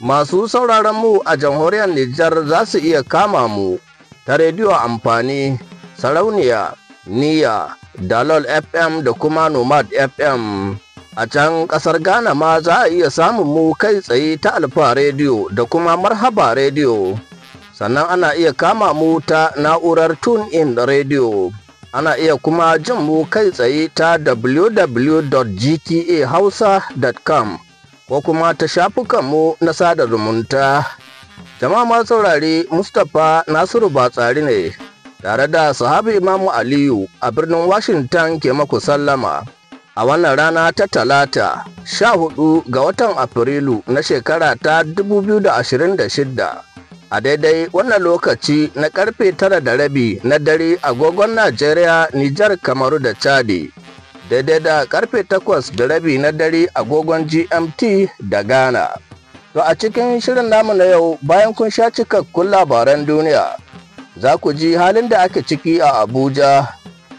masu sauraron mu a jamhuriyar Nijar za su iya kama mu ta rediyo amfani sarauniya niya dalol fm da kuma nomad fm a can kasar ghana ma za a iya samun mu kai tsaye ta alfa rediyo da kuma marhaba rediyo sannan ana iya kama mu ta na'urar tune in rediyo ana iya kuma jin mu kai tsaye ta www.gtahausa.com ko kuma ta shafukanmu na sada zumunta. Jama'a ma saurare Mustapha Nasiru Batsari ne tare da sahabi Imamu Aliyu a birnin Washington ke maku sallama. A wannan rana ta talata, sha hudu ga watan Afrilu na shekara ta 2026. a daidai wannan lokaci na karfe tara da rabi na dare agogon Najeriya, Nijar, Kamaru da Chadi. daidai da karfe takwas da rabi na dare agogon GMT da Ghana. To a cikin shirin namu na yau bayan kun sha cikakkun labaran duniya, za ku ji halin da ake ciki a Abuja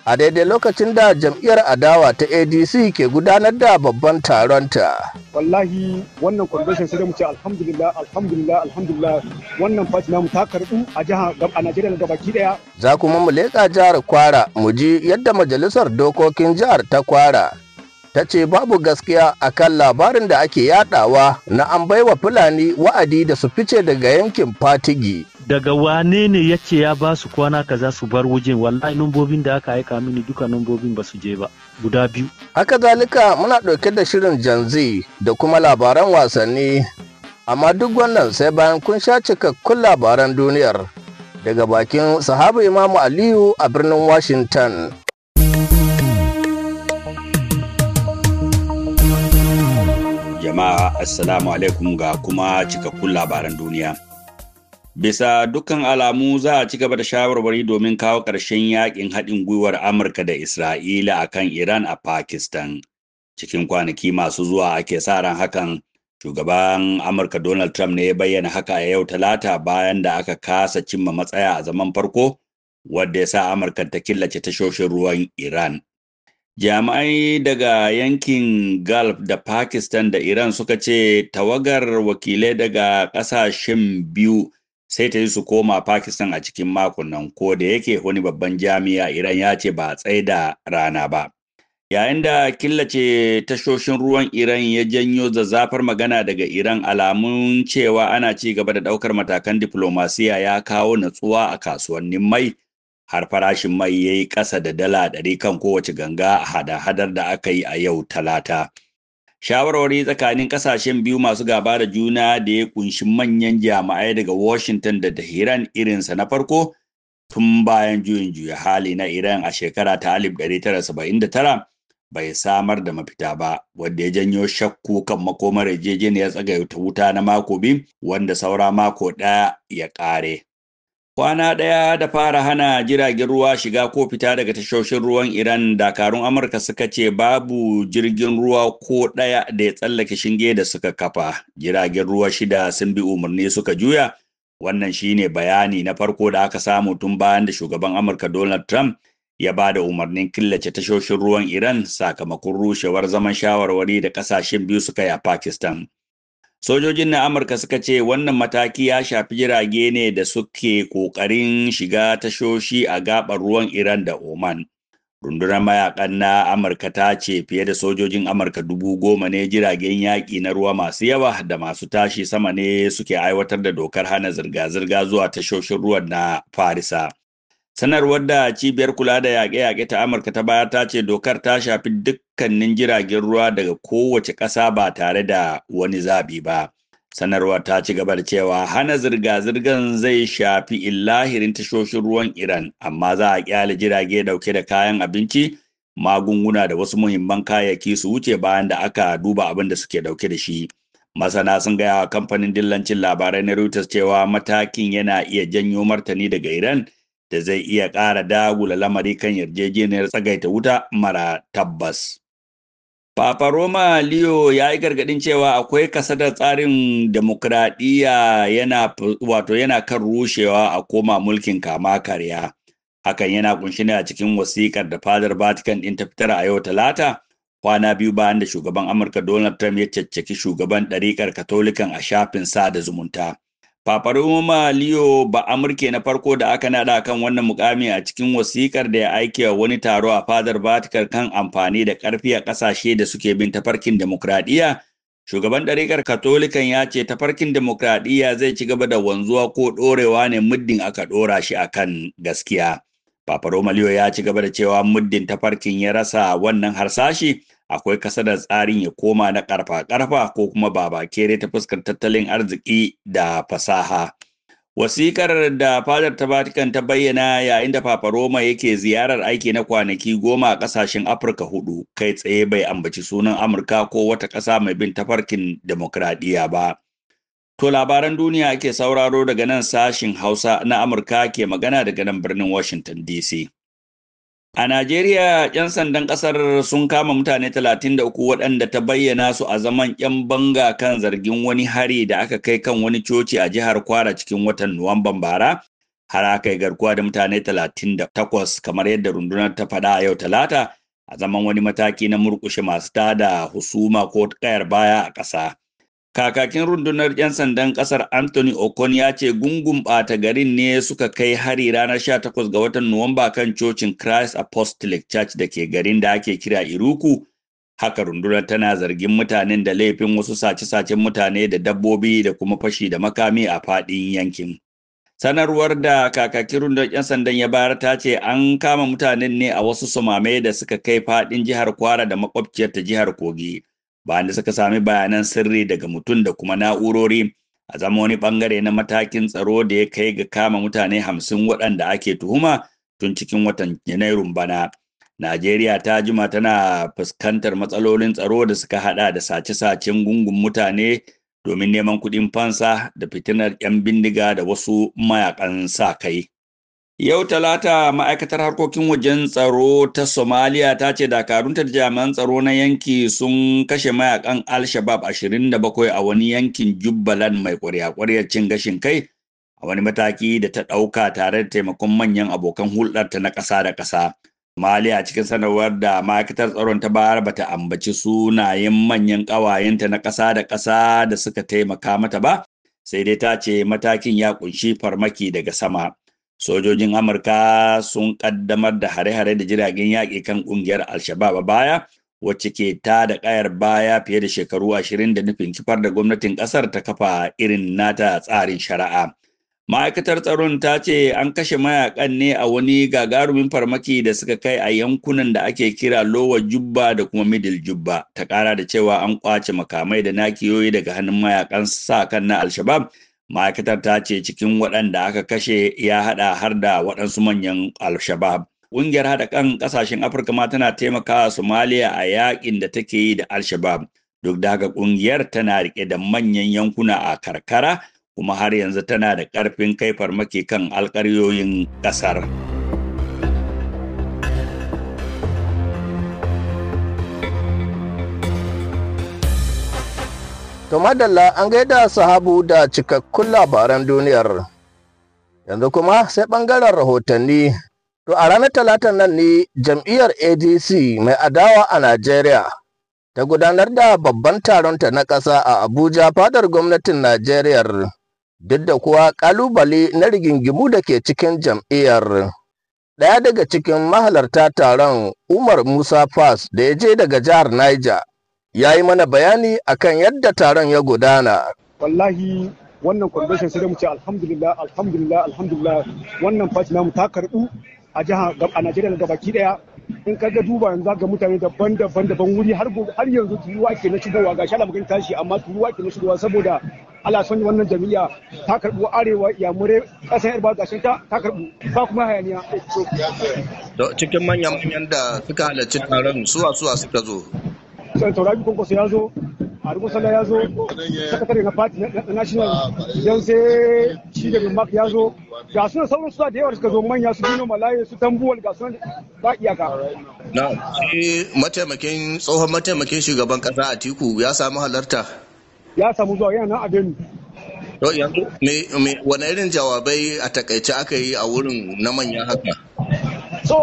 a daidai lokacin da jam'iyyar adawa ta adc ke gudanar da babban taronta wallahi wannan convention sai mu ce alhamdulillah alhamdulillah alhamdulillah wannan party namu ta karbu a jiha a Najeriya da baki daya za kuma mu leka jihar Kwara mu ji yadda majalisar dokokin jihar ta Kwara ta ce babu gaskiya akan labarin da ake yadawa na an baiwa Fulani wa'adi da su fice daga yankin Fatigi daga wane ne ya ce ya ba su kwana kaza su bar wajen wallahi numbobin da aka aika mini duka numbobin ba su je ba guda biyu haka zalika muna ɗauke da shirin janzi da kuma labaran wasanni amma duk wannan sai bayan kun sha cikakkun labaran duniyar daga bakin sahabu imamu aliyu a birnin washington jama'a assalamu alaikum ga kuma cikakkun labaran duniya bisa dukkan alamu za a ci gaba da shawarwari domin kawo ƙarshen yakin haɗin gwiwar amurka da isra'ila a kan iran a pakistan cikin kwanaki masu zuwa ake sa ran hakan shugaban amurka donald trump ne ya bayyana haka a yau talata bayan da aka kasa cimma matsaya a zaman farko wadda ya sa amurka ta killace tashoshin ruwan iran jami'ai daga yankin gulf da pakistan da iran suka ce tawagar wakilai daga ƙasashen biyu sai ta yi su koma Pakistan a cikin makon nan ko da yake wani babban jami'a Iran ya ce ba tsaye da rana ba. Yayin da killace tashoshin ruwan Iran ya janyo zazzafar magana daga Iran alamun cewa ana ci gaba da ɗaukar matakan diflomasiya ya kawo natsuwa a kasuwannin mai har farashin mai ya yi ƙasa da dala ɗari kan kowace ganga a hada-hadar da aka yi a yau talata. shawarwari tsakanin kasashen biyu masu gaba da juna da ya kunshi manyan jami'ai daga washington da tehran irinsa na farko tun bayan juyin juya hali na iran a shekara ta 1979 bai samar da mafita ba wadda ya janyo shakku kan makomar yarjejeniyar tsagaita wuta na mako biyu wanda saura mako ɗaya ya ƙare Kwana ɗaya da fara hana jiragen ruwa shiga ko fita daga tashoshin ruwan Iran dakarun Amurka suka ce babu jirgin ruwa ko ɗaya da ya tsallake shinge da suka kafa. Jiragen ruwa shida sun bi umarni suka juya. Wannan shine bayani na farko da aka samu tun bayan da shugaban Amurka Donald Trump ya ba da umarnin killace tashoshin ruwan Iran sakamakon rushewar zaman shawarwari da ƙasashen biyu suka yi a Pakistan. Sojojin na Amurka suka ce wannan mataki ya shafi jirage ne da suke ƙoƙarin shiga tashoshi a gaɓar ruwan Iran da Oman. Rundunar mayakan na Amurka ta ce fiye da sojojin Amurka dubu goma ne jiragen yaƙi na ruwa masu yawa da masu tashi sama ne suke aiwatar da dokar hana zirga-zirga zuwa tashoshin ruwan na Farisa. Sanarwar da cibiyar kula da yaƙe-yaƙe ta Amurka ta baya ta ce dokar ta shafi dukkanin jiragen ruwa daga kowace ƙasa ba tare da wani zaɓi ba. Sanarwar ta ci gaba da cewa hana zirga-zirgan zai shafi illahirin tashoshin ruwan Iran, amma za a ƙyale jirage dauke da kayan abinci, magunguna da wasu muhimman kayayyaki su wuce bayan da aka duba abin da suke ɗauke da shi. Masana sun gaya wa kamfanin dillancin labarai na Reuters cewa matakin yana iya janyo martani daga Iran. da zai iya ƙara dagula lamari kan yarjejeniyar tsagaita wuta mara tabbas. Papa Roma Leo ya yi gargaɗin cewa akwai kasadar tsarin demokradiyya wato yana kan rushewa a koma mulkin kama karya. Hakan yana kunshi ne a cikin wasiƙar da fadar Vatican ɗin ta fitar a yau Talata, kwana biyu bayan da shugaban Amurka Donald Trump ya caccaki shugaban ɗariƙar Katolikan a shafin sada da zumunta. Fafaroma Leo ba Amurke na farko da aka naɗa kan wannan mukami a cikin wasikar da ya aike wa wani taro a fadar Vatican kan amfani da ƙarfi a ƙasashe da suke bin tafarkin demokradiyya. Shugaban ɗarikar Katolikan ya ce tafarkin demokradiyya zai ci gaba da wanzuwa ko ɗorewa ne muddin aka ɗora shi a kan gaskiya. Fafaroma Leo ya ci gaba da cewa muddin tafarkin ya rasa wannan harsashi akwai kasa da tsarin ya koma na karfa-karfa ko kuma ba babakere ta fuskar tattalin arziki da fasaha. Wasikar da fadar ta Vatican ta bayyana yayin da Papa Roma yake ziyarar aiki na kwanaki goma a ƙasashen Afirka hudu kai tsaye bai ambaci sunan Amurka ko wata ƙasa mai bin tafarkin demokradiyya ba. To labaran duniya ke sauraro daga nan sashin Hausa na Amurka ke magana daga nan birnin Washington DC. A Najeriya, 'yan sandan ƙasar sun kama mutane 33 waɗanda ta bayyana su a zaman 'yan banga kan zargin wani hari da aka kai kan wani coci a jihar Kwara cikin watan Nuwamban bara. Har aka yi garkuwa da mutane 38 kamar yadda rundunar ta faɗa a yau Talata a zaman wani mataki na murƙushe masu tada husuma ko kayar baya a ƙasa. Kakakin rundunar 'yan sandan ƙasar Anthony Okon ya ce gungun ɓata garin ne suka kai hari ranar 18 ga watan Nuwamba kan cocin Christ Apostolic Church da ke garin da ake kira Iruku. Haka rundunar tana zargin mutanen da laifin wasu sace-sacen mutane da dabbobi da kuma fashi da makami a faɗin yankin. Sanarwar da kakakin rundunar 'yan sandan ya bayar ta ce an kama mutanen ne a wasu sumame da suka kai faɗin jihar Kwara da ta jihar Kogi. bayan da suka sami bayanan sirri daga mutum da kuma na'urori a zama wani bangare na matakin tsaro da ya kai ga kama mutane hamsin waɗanda ake tuhuma tun cikin watan Janairun bana. Najeriya ta jima tana fuskantar matsalolin tsaro da suka hada da sace-sacen gungun mutane domin neman kuɗin fansa da fitinar 'yan bindiga da wasu mayakan sa kai. Yau Talata ma'aikatar harkokin wajen tsaro ta Somalia ta ce dakarunta da jami'an tsaro na yanki sun kashe mayakan Al-Shabab 27 a wani yankin Jubbaland mai kwarya-kwaryar cin gashin kai a wani mataki da ta ɗauka tare da taimakon manyan abokan hulɗarta na ƙasa da ƙasa. Somalia cikin sanarwar da ma'aikatar tsaron ta bayar bata ambaci sunayen manyan ƙawayenta na ƙasa da ƙasa da suka taimaka mata ba, sai dai ta ce matakin ya ƙunshi farmaki daga sama. sojojin amurka sun kaddamar da hare-hare da jiragen yaƙi kan ƙungiyar al-shabab baya wacce ke ta da ƙayar baya fiye da shekaru ashirin da nufin kifar da gwamnatin ƙasar ta kafa irin nata tsarin shari'a ma'aikatar tsaron ta ce an kashe mayakan ne a wani gagarumin farmaki da suka kai a yankunan da ake kira lowa jubba da kuma middle jubba ta ƙara da cewa an ƙwace makamai da nakiyoyi daga hannun mayakan sa kan na al-shabab ma'aikatar ta ce cikin waɗanda aka kashe ya haɗa har da waɗansu manyan al ƙungiyar haɗa kan ƙasashen afirka ma tana taimakawa somaliya a yaƙin da take yi da al duk da haka ƙungiyar tana riƙe da manyan yankuna a karkara kuma har yanzu tana da ƙarfin kai farmaki kan alƙaryoyin ƙasar. To madalla an gaida sahabu da cikakkun labaran duniyar. Yanzu kuma sai ɓangaren rahotanni. To a ranar talatan nan ne jam'iyyar ADC mai adawa a Najeriya ta gudanar da babban taronta na ƙasa a Abuja fadar gwamnatin Najeriya duk da kuwa ƙalubale na rigingimu da ke cikin jam'iyyar. Ɗaya daga cikin mahalarta taron Umar Musa Fas da ya je daga jihar Niger ya yi mana bayani akan yadda taron ya gudana. Wallahi wannan convention sai mu ce alhamdulillah alhamdulillah alhamdulillah wannan fashi namu ta karbu a jiha a Najeriya ga baki daya in ka ga duba yanzu ga mutane daban-daban daban wuri har har yanzu turuwa ke na shigowa ga shala magana tashi amma turuwa ke na shigowa saboda Allah sani wannan jami'a ta karbu arewa mure kasan yarba ba, ta ta karbu ba kuma hayaniya cikin manyan manyan da suka halarci taron suwa suwa suka zo taurabi kwankwaso ya zo harugun sallah ya zo sakatare eh, na party na national idan sai shi da mark ya zo ga sunan sauran su da yawa suka zo manya su dino malaye su tambuwal ga suna ba iyaka na mataimakin tsohon mataimakin shugaban kasa atiku ya samu halarta ya samu zuwa yana nan a benin yanzu wane irin jawabai a takaice aka yi a wurin na manyan haka so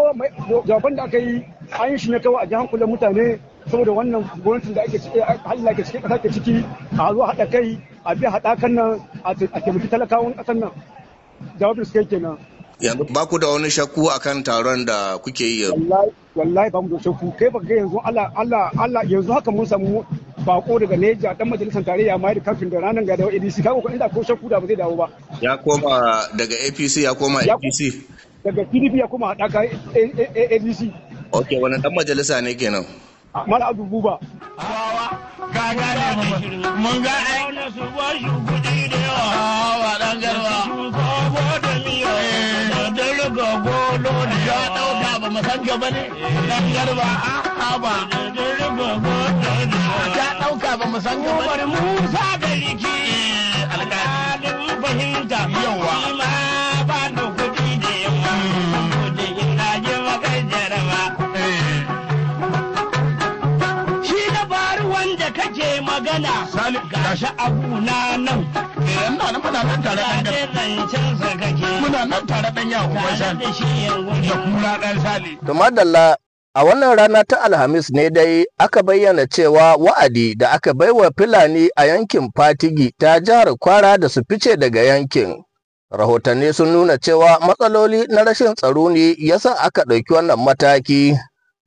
jawaban da aka yi an yi shi ne kawai a ji hankulan mutane saboda wannan gwamnatin da ake ciki halin da ake ciki ƙasa ke ciki a zuwa haɗa kai a biya haɗakan nan a taimaki talakawan ƙasan nan jawabin su kai kenan. yanzu ba ku da wani shakku akan taron da kuke yi yau. wallahi ba mu da shakku kai ba ga yanzu Allah Allah yanzu haka mun samu bako daga Neja dan majalisar tarayya mai da kafin da ranar ga da ADC ka ko inda ko shakku da ba zai dawo ba ya koma daga APC ya koma APC daga PDP ya koma hadaka ADC okay wannan dan majalisa ne kenan mala abu buba mun ga ai su kudi da yawa wa dan garba ko da miyo da ruga golo da ya dauka ba mu gaba ne dan garba a ba da ruga golo da ya dauka ba mu gaba ne musa da liki magana ga shi abu nan eh, da madalla A wannan rana ta Alhamis ne dai aka bayyana cewa wa'adi da aka baiwa Fulani a yankin Fatigi ta jihar Kwara da su fice daga yankin. Rahotanni sun nuna cewa matsaloli na rashin tsaro ne yasa aka ɗauki wannan mataki.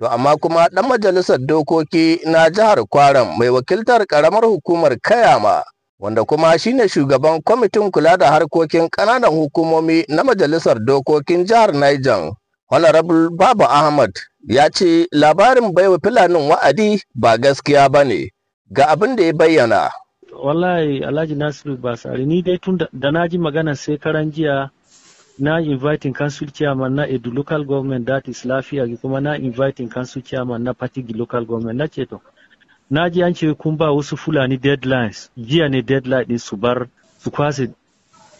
To amma kuma ɗan majalisar dokoki na jihar Kwaram mai wakiltar ƙaramar hukumar Kayama wanda kuma shine shugaban kwamitin kula da harkokin ƙananan hukumomi na majalisar dokokin jihar Niger. Honorable Babu Ahmad ya ce labarin baiwa filanin wa'adi ba gaskiya ba ne ga abin da ya bayyana. Wallahi Alhaji Nasiru ba ni dai tun da na ji magana sai karan jiya na inviting council chairman na edu local government that is lafiya kuma na inviting council chairman na patigi local government na ce to na ji an ce kun ba wasu fulani deadlines jiya ne deadline din su bar su kwase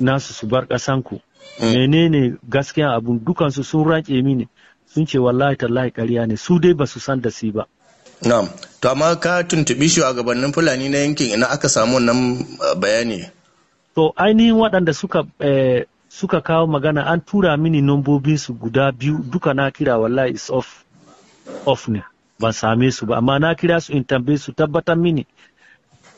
nasu su bar kasanku hmm. menene gaskiya abun dukansu sun rake mini sun ce wallahi tallahi ƙarya ne su dai ba su san da si ba na'am to amma ka tuntubi gabanin fulani na yankin ina aka samu wannan eh, bayani to ainihin waɗanda suka eh, suka kawo magana an tura mini su guda biyu duka na kira wallahi is off off ne ban same su ba amma na kira su in tambaye su tabbatar mini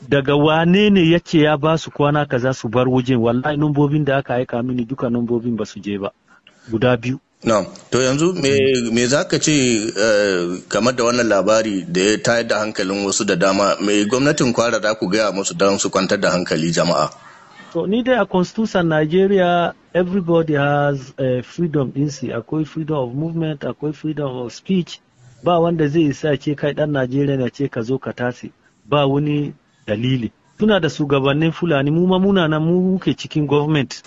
daga wane ne ya ce ya ba su kwana kaza su bar wajen wallahi nombobin da aka aika mini duka nombobin ba su je ba guda biyu no to yanzu me za ka ce eh, game da wannan labari da ya tayar da hankalin wasu da dama me gwamnatin kwara za ku gaya musu don su kwantar da hankali jama'a to ni dai a constitution nigeria everybody has uh, freedom ɗinsu akwai freedom of movement akwai freedom of speech ba wanda zai isa ce kai dan najeriya ne ce ka zo ka tasi ba wani dalili suna da shugabannin fulani mu ma muna nan mu muke cikin government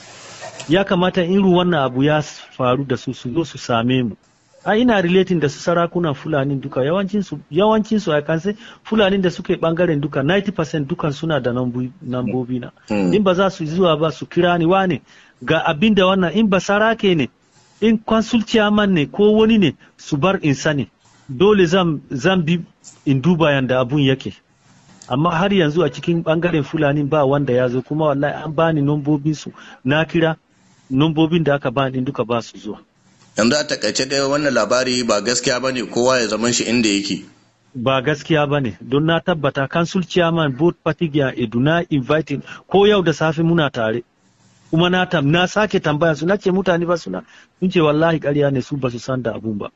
ya kamata in ru wannan abu ya faru da su su zo su same mu a ina relating da su sarakunan fulani duka yawancin su yawancin su sai fulani da suke bangaren duka 90% dukan suna da nambobi na hmm. in ba za su zuwa ba su kira ni wane ga abin da wannan in basarake ne in consul chairman ne ko wani ne su bar in sani dole zan bi in duba yanda abun yake amma har yanzu a cikin bangaren fulani ba wanda ya zo kuma wallahi an bani nombobin na kira nombobin da aka bani duka ba su zuwa yanzu a takaice da wannan labari ba gaskiya ba ne kowa ya zaman shi inda yake ba gaskiya ba ne don na tabbata kansul chairman both party ya eduna inviting ko yau da safe muna tare kuma na tam na sake tambaya su ce mutane ba suna sun ce wallahi ƙarya ne su ba su san da abun ba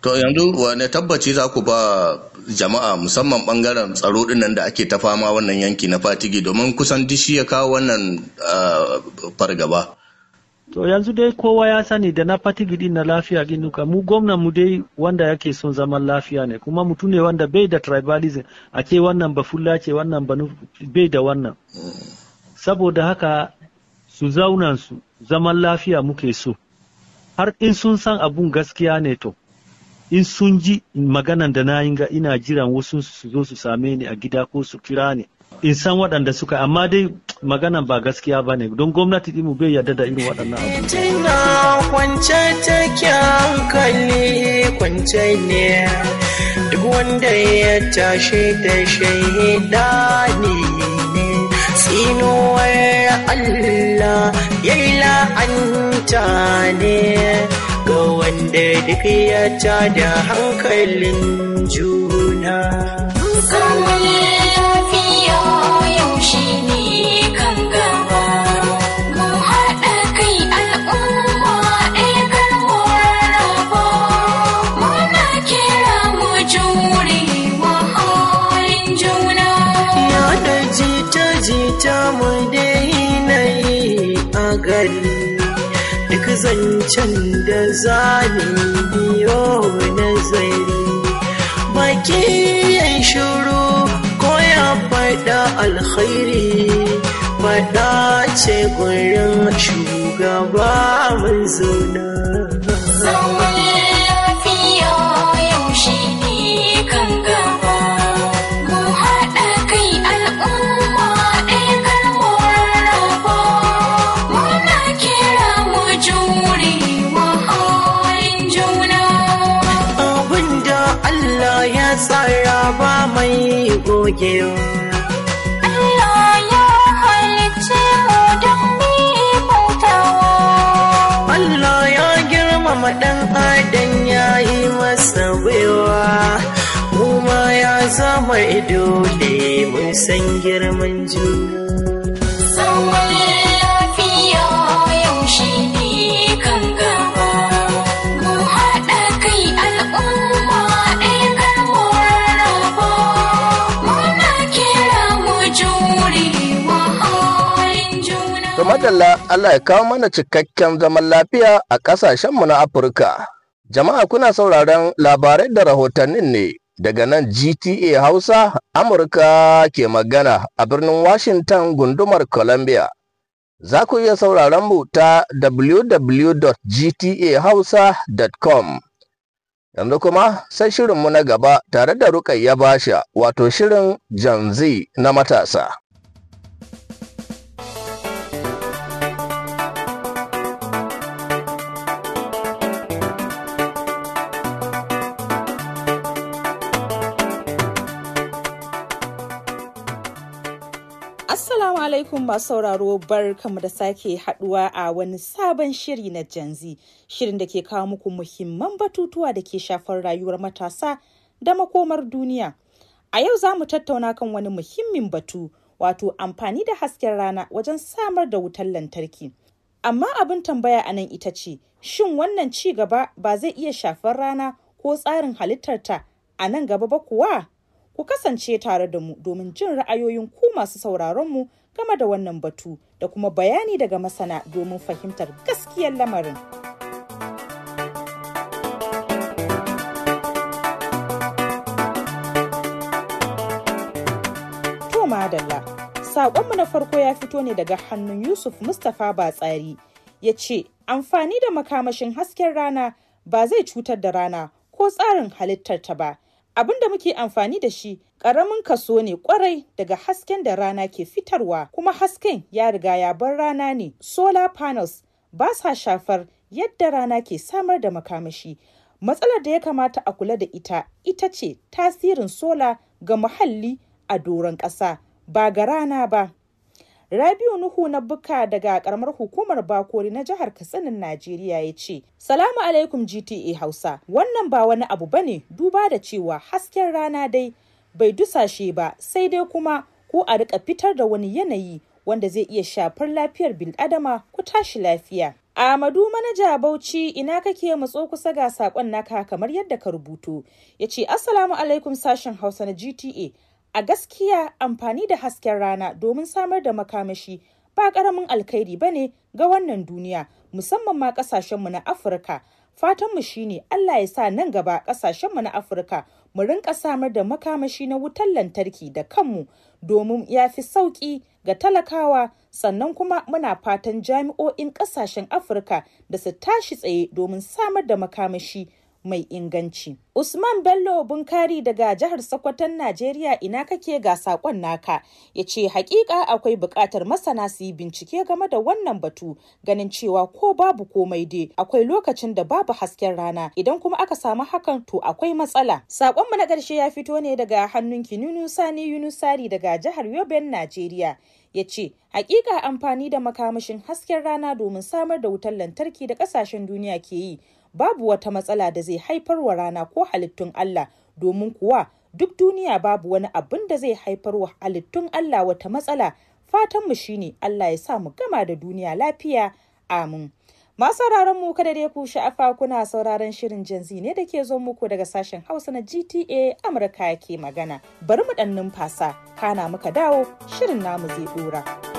to yanzu wane tabbaci za ku ba jama'a musamman bangaren tsaro dinnan da ake ta fama wannan yanki na fatigi domin kusan dishi ya kawo wannan ah, fargaba to yanzu dai kowa ya sani da na fatigi din na lafiya ginuka mu gwamnan mu dai wanda yake son zaman lafiya ne kuma mutum ne wanda bai da tribalism a ce wannan fulla ce wannan ba bai da wannan mm. saboda haka su zauna su zaman lafiya muke so har in sun san abun gaskiya ne to in sun ji maganan da na ga ina jiran wasu su zo su same ni a gida ko su kira ni in san waɗanda suka amma dai maganan ba gaskiya ba ne don gwamnati ɗinmu bai yarda da irin waɗannan abu. Tuna kwance kwance ne duk wanda ya tashi da shaida ne ne Allah ya yi la'anta ne ga wanda duk ya da hankalin juna. Samun lafiya yaushe ne. wancan da zalim biyo na zari baki ya shuru ko ya faɗa alkhairi faɗa ce gurin shugaba mai zauna gogewa dan adam ya yi masa gwiwa, kuma ya zama ido da eh, mun san girman juna madalla Allah ya kawo mana cikakken zaman lafiya a ƙasashenmu na Afirka. Jama'a kuna sauraron labarai da rahotannin ne daga nan GTA Hausa Amurka ke magana a birnin Washington gundumar Columbia. Za ku iya sauraron mu ta www.gtahausa.com. Yanzu kuma sai shirinmu na gaba tare da Rukayya Basha wato shirin Janzi na matasa. alaikum masu sauraro bar kama da sake haduwa a wani sabon shiri na janzi shirin da ke kawo muku muhimman batutuwa da ke shafar rayuwar matasa da makomar duniya. A yau za mu tattauna kan wani muhimmin batu wato amfani da hasken rana wajen samar da wutar lantarki. Amma abin tambaya a nan ita ce, shin wannan ci gaba ba zai iya shafar rana ko tsarin halittarta a nan gaba ba kuwa? Ku kasance tare da mu domin jin ra'ayoyin ku masu sauraronmu game da wannan batu da kuma bayani daga masana domin fahimtar gaskiyar lamarin. To madalla, saƙonmu na farko ya fito ne daga hannun Yusuf Mustapha Batsari ya ce, amfani da makamashin hasken rana ba zai cutar da rana ko tsarin halittarta ba. Abin da muke amfani da shi ƙaramin kaso ne kwarai daga hasken da rana ke fitarwa kuma hasken ya riga ya bar rana ne. Solar panels ba sa shafar yadda rana ke samar da makamashi. Matsalar da ya kamata a kula da ita ita ce tasirin sola ga muhalli a doron ƙasa ba ga rana ba. Rabiu Nuhu na Buka daga karamar hukumar Bakori na jihar Katsinin Najeriya ya ce, Salamu alaikum GTA Hausa, wannan ba wani abu ba ne, duba da cewa hasken rana dai bai dusashe ba sai dai kuma ko a rika fitar da wani yanayi wanda zai iya shafar lafiyar bil'adama ku tashi lafiya. Amadu manaja Bauchi ina kake matso kusa ga sakon naka kamar yadda ka rubuto. Yace ce Assalamu alaikum sashen Hausa na GTA. A gaskiya amfani da hasken rana domin samar da makamashi ba ƙaramin alkhairi ba ne ga wannan duniya musamman ma ƙasashenmu na Afirka. Fatanmu shine Allah ya sa nan gaba ƙasashenmu na Afirka mu rinƙa samar da makamashi na wutar lantarki da kanmu domin ya fi sauƙi ga talakawa sannan kuma muna fatan jami'o'in ƙasashen Afirka da su tashi tsaye domin samar da makamashi mai inganci. Usman Bello Bunkari daga jihar Sokoton Najeriya ina kake ga sakon naka ya ce hakika akwai buƙatar masana su yi bincike game da wannan batu ganin cewa ko babu komai dai akwai lokacin da babu hasken rana idan kuma aka samu hakan to akwai matsala. Sakon mu na ƙarshe ya fito ne daga hannun Kinunu Sani Yunusari daga jihar Yoben Najeriya. ya ce hakika amfani da makamashin hasken rana domin samar da wutar lantarki da ƙasashen duniya ke yi babu wata matsala da zai haifar wa rana ko halittun Allah domin kuwa duk duniya babu wani abin da zai haifar wa halittun Allah wata matsala fatanmu shine Allah ya sa mu gama da duniya lafiya amin masu sauraron mu kada dai ku sha'afa kuna sauraron shirin janzi ne da ke zo muku daga sashen hausa na gta amurka ke magana bari mu ɗan numfasa kana muka dawo shirin namu zai ɗora.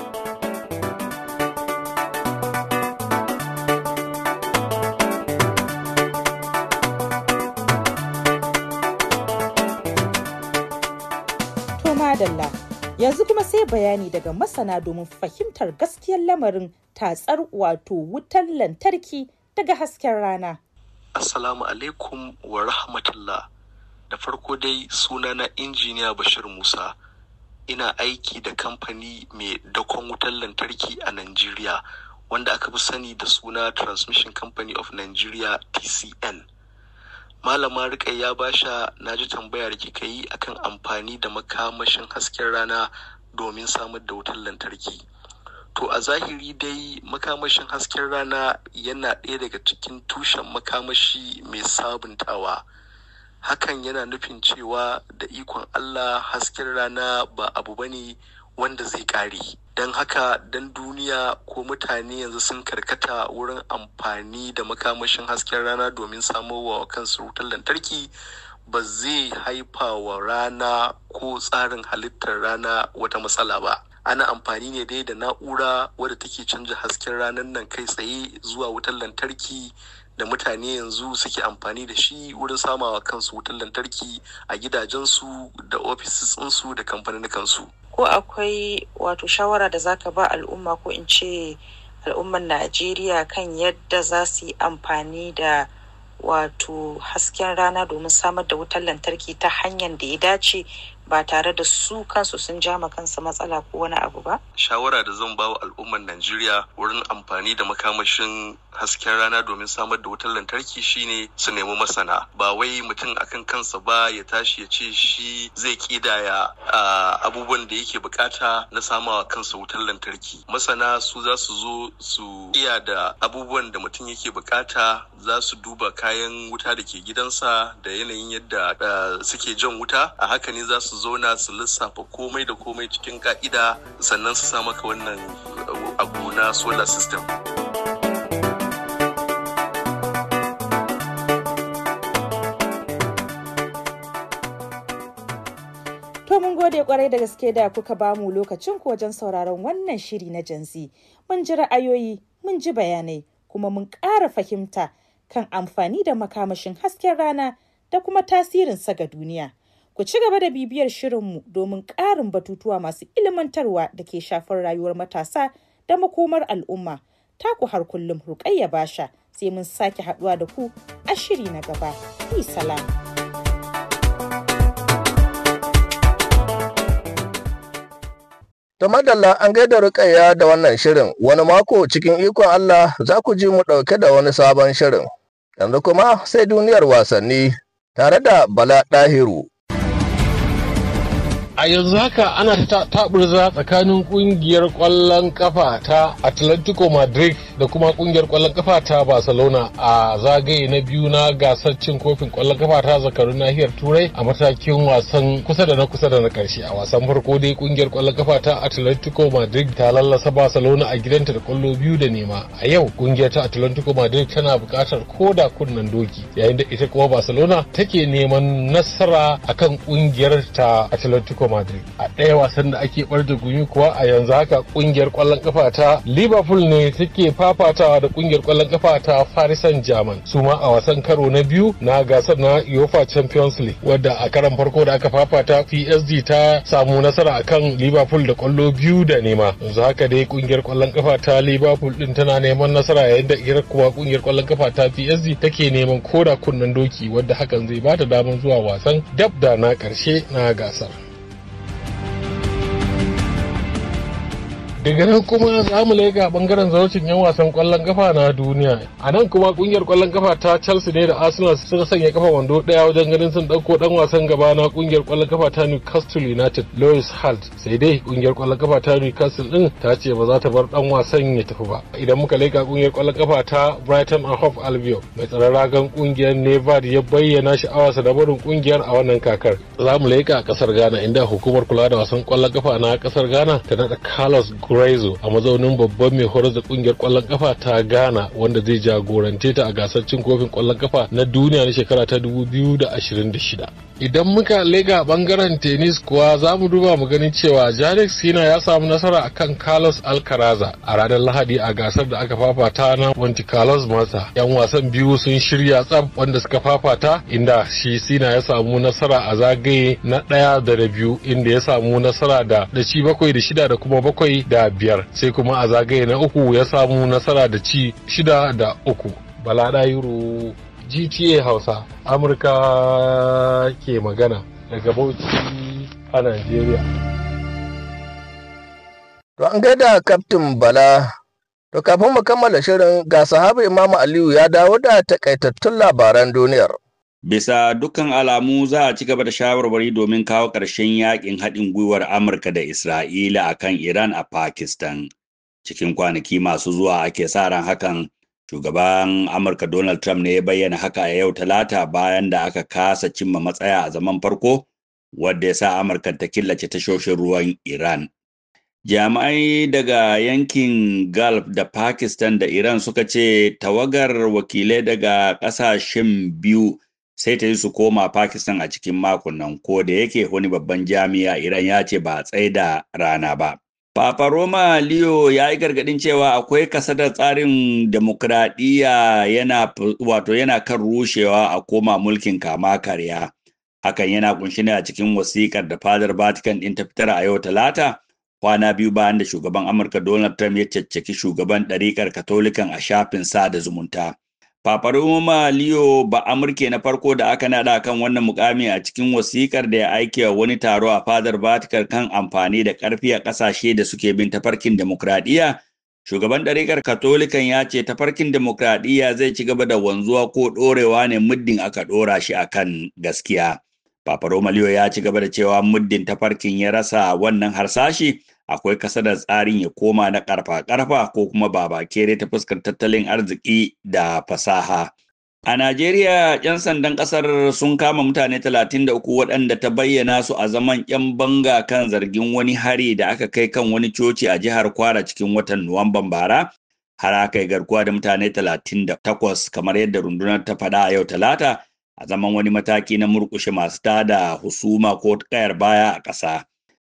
madalla yanzu kuma sai bayani daga masana domin fahimtar gaskiyar lamarin tatsar wato wutar lantarki daga hasken rana. Assalamu alaikum wa rahmatullah da farko dai sunana injiniya Bashir Musa ina aiki da kamfani mai dakon wutar lantarki a Najeriya wanda aka fi sani da suna Transmission Company of Nigeria TCN. malama ba Basha na ji tambayar kika yi akan amfani da makamashin hasken rana domin samar da wutar lantarki. To a zahiri dai makamashin hasken rana yana ɗaya daga cikin tushen makamashi mai sabuntawa. Hakan yana nufin cewa da ikon Allah hasken rana ba abu bane wanda zai ƙare. don haka don duniya ko mutane yanzu sun karkata wurin amfani da makamashin hasken rana domin samowa wa kansu wutar lantarki ba zai haifa wa rana ko tsarin halittar rana wata matsala ba ana amfani ne dai da na'ura wadda take canja hasken ranar nan kai tsaye zuwa wutar lantarki da mutane yanzu suke amfani da shi wurin samawa kansu wutar lantarki a gidajensu da ofisinsu da kamfanin ko akwai wato shawara da zaka ba al'umma ko in ce al'umman najeriya kan yadda za su yi amfani da wato hasken rana domin samar da wutar lantarki ta hanyar da ya dace ba tare da su kansu sun ja kansa matsala ko wani abu ba. Shawara da zan bawa al'ummar Najeriya wurin amfani da makamashin hasken rana domin samar da wutar lantarki shine su nemi masana ba wai mutum akan kansa ba ya tashi ya ce shi zai kidaya abubuwan da yake bukata na samawa kansa wutar lantarki masana su za su zo su iya da abubuwan da mutum yake bukata za su duba kayan wuta da ke gidansa da yanayin yadda suke jan wuta a haka ne za su su zauna su lissafa komai da komai cikin ka'ida sannan su sa maka wannan uh, abu na solar system. To mun gode kwarai da gaske da kuka bamu lokacin ku wajen sauraron wannan shiri na jinsi Mun ji ra'ayoyi, mun ji bayanai, kuma mun ƙara fahimta kan amfani da makamashin hasken rana da kuma tasirinsa ga duniya. Ku ci gaba da bibiyar shirinmu domin ƙarin batutuwa masu ilmantarwa da ke shafar rayuwar matasa da makomar al'umma. Taku har kullum Rukayya Basha sai mun sake haɗuwa da ku a shiri na gaba. Bi salam. Ta madalla an gaida rukayya da wannan shirin wani mako cikin ikon Allah za ku ji mu ɗauke da wani sabon shirin. Yanzu kuma sai duniyar wasanni tare da Bala Ɗahiru. yanzu haka ana ta taburza tsakanin kungiyar kwallon kafa ta Atlantico Madrid da kuma kungiyar kwallon kafa ta Barcelona a zagaye na biyu na gasar cin kofin kwallon kafa ta zakaru nahiyar Turai a matakin wasan kusa da na kusa da na karshe a wasan farko dai kungiyar kwallon kafa ta Atlantico Madrid ta lallasa Barcelona a gidanta da kwallo biyu da nema a yau kungiyar ta Atlantico Madrid tana buƙatar da kunnen doki yayin da ita kuma Barcelona take neman nasara akan kungiyar ta Atlantico Madrid. A ɗaya wasan da ake bar da gumi kuwa a yanzu haka ƙungiyar ƙwallon ƙafa ta Liverpool ne take fafatawa da ƙungiyar ƙwallon ƙafa ta Paris Saint-Germain. Su ma a wasan karo na biyu na gasar na UEFA Champions League wadda a karan farko da aka fafata PSG ta samu nasara a kan Liverpool da ƙwallo biyu da nema. Yanzu haka dai ƙungiyar ƙwallon ƙafa ta Liverpool din tana neman nasara yayin da Irak kuwa ƙungiyar ƙwallon ƙafa ta PSG take neman koda kunnen doki wadda hakan zai bata damar zuwa wasan dab da na ƙarshe na gasar. daga nan kuma za mu lega bangaren zarocin yan wasan kwallon kafa na duniya a nan kuma kungiyar kwallon kafa ta chelsea ne da arsenal suka sanya kafa wando daya wajen ganin sun dauko dan wasan gaba na kungiyar kwallon kafa ta newcastle united lewis Halt sai dai kungiyar kwallon kafa ta newcastle din ta ce ba za ta bar dan wasan ya tafi ba idan muka lega kungiyar kwallon kafa ta brighton and hove albion mai tsaron ragan kungiyar nevad ya bayyana sha'awarsa da barin kungiyar a wannan kakar za mu kasar ghana inda hukumar kula da wasan kwallon kafa na kasar ghana ta nada carlos Guraizo a mazaunin babban mai horar da kungiyar kwallon kafa ta Ghana wanda zai jagorance ta a gasar cin kofin kwallon kafa na duniya na shekara ta 2026. Idan muka lega bangaren tenis kuwa za mu duba mu ganin cewa Jannik Sina ya samu nasara a kan Carlos alcaraza a ranar Lahadi a gasar da aka fafata na Monte Carlos Masa. Yan wasan biyu sun shirya tsab wanda suka fafata inda shi Sina ya samu nasara a zagaye na ɗaya da na inda ya samu nasara da da bakwai da shida da kuma bakwai da biyar sai kuma a zagaye na uku ya samu nasara da ci shida da uku bala ɗayiro gta hausa amurka ke magana daga bauchi a nigeria to an gaida kaftin bala to kafin mu kammala shirin ga sahabu imamu aliyu ya dawo da takaitattun labaran duniyar Bisa dukkan alamu za a ci gaba da shawarwari domin kawo ƙarshen yakin haɗin gwiwar Amurka da Isra'ila a kan Iran a Pakistan. Cikin kwanaki masu zuwa ake sa ran hakan, shugaban Amurka Donald Trump ne ya bayyana haka a yau talata bayan da aka kasa cimma matsaya a zaman farko, wadda ya sa Amurka ta killace tashoshin ruwan Iran. Jami'ai daga yankin Gulf da Pakistan da Iran suka ce tawagar wakilai daga ƙasashen biyu sai ta yi su koma Pakistan a cikin makon nan ko da yake wani babban jami'a Iran ya ce ba tsaye da rana ba. Papa Roma Leo ya yi gargaɗin cewa akwai kasadar tsarin demokradiyya yana wato yana kan rushewa a koma mulkin kama karya. Hakan yana kunshi ne a cikin wasikar da fadar Vatican ɗin ta fitar a yau Talata, kwana biyu bayan da shugaban Amurka Donald Trump ya caccaki shugaban ɗariƙar Katolikan a shafin sada zumunta. Fafaruma Leo ba Amurke na farko da aka nada kan wannan mukami a cikin wasikar da ya aike wa wani taro a fadar Vatican kan amfani da ƙarfi a ƙasashe da suke bin tafarkin demokradiyya. Shugaban ɗarikar Katolikan ya ce tafarkin demokradiyya zai ci gaba da wanzuwa ko ɗorewa ne muddin aka ɗora shi akan gaskiya. Papa Romaliyo ya ci gaba da cewa muddin tafarkin ya rasa wannan harsashi akwai da tsarin ya koma na karfa-karfa ko kuma baba kere ta fuskar tattalin arziki da fasaha. A Najeriya, 'yan sandan ƙasar sun kama mutane 33 waɗanda ta bayyana su a zaman 'yan banga kan zargin wani hari da aka kai kan wani coci a jihar Kwara cikin watan Nuwamban bara. Har aka yi garkuwa da mutane 38 kamar yadda rundunar ta faɗa a yau Talata, a zaman wani mataki na murkushe masu tada husuma ko kayar baya a ƙasa.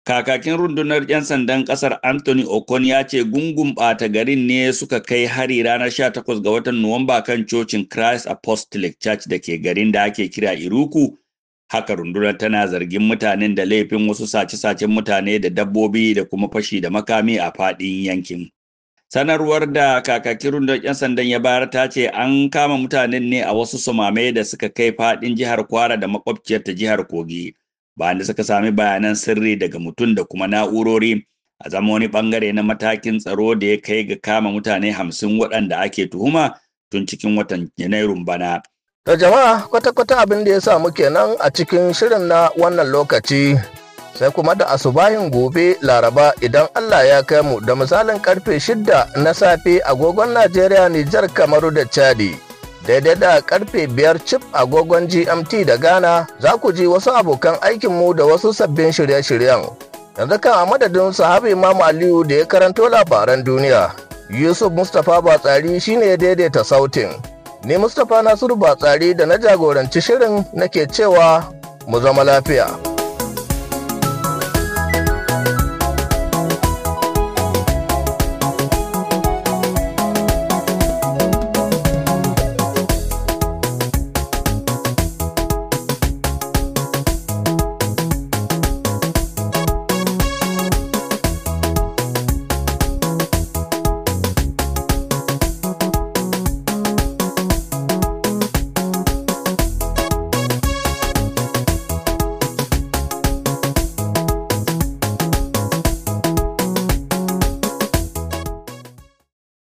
Kakakin rundunar 'yan sandan ƙasar Anthony Okon ya ce gungun ɓata garin ne suka kai hari ranar 18 ga watan Nuwamba kan cocin Christ Apostolic Church da ke garin da ake kira Iruku. Haka rundunar tana zargin mutanen da laifin wasu sace-sacen mutane da dabbobi da kuma fashi da makami a faɗin yankin. sanarwar da kakakin rundunar 'yan sandan ya bayar ta ce an kama mutanen ne a wasu sumame da suka kai fadin jihar kwara da makwabciyar ta jihar kogi bayan da suka sami bayanan sirri daga mutum da kuma na'urori a zama wani bangare na matakin tsaro da ya kai ga kama mutane hamsin waɗanda ake tuhuma tun cikin watan janairun bana da jama'a kwata-kwata abin da ya samu kenan a cikin shirin na wannan lokaci sai kuma da asubahin gobe laraba idan Allah ya kai mu da misalin karfe shidda na safe agogon Najeriya Nijar Kamaru da Chadi. Daidai da karfe biyar cif agogon GMT da Ghana za ku ji wasu abokan aikinmu da wasu sabbin shirye-shiryen. Yanzu kan a madadin sahabi Imam Aliyu da ya karanto labaran duniya. Yusuf Mustapha Batsari shine ya daidaita sautin. Ni Mustapha Nasiru Batsari da na jagoranci shirin nake cewa mu zama lafiya.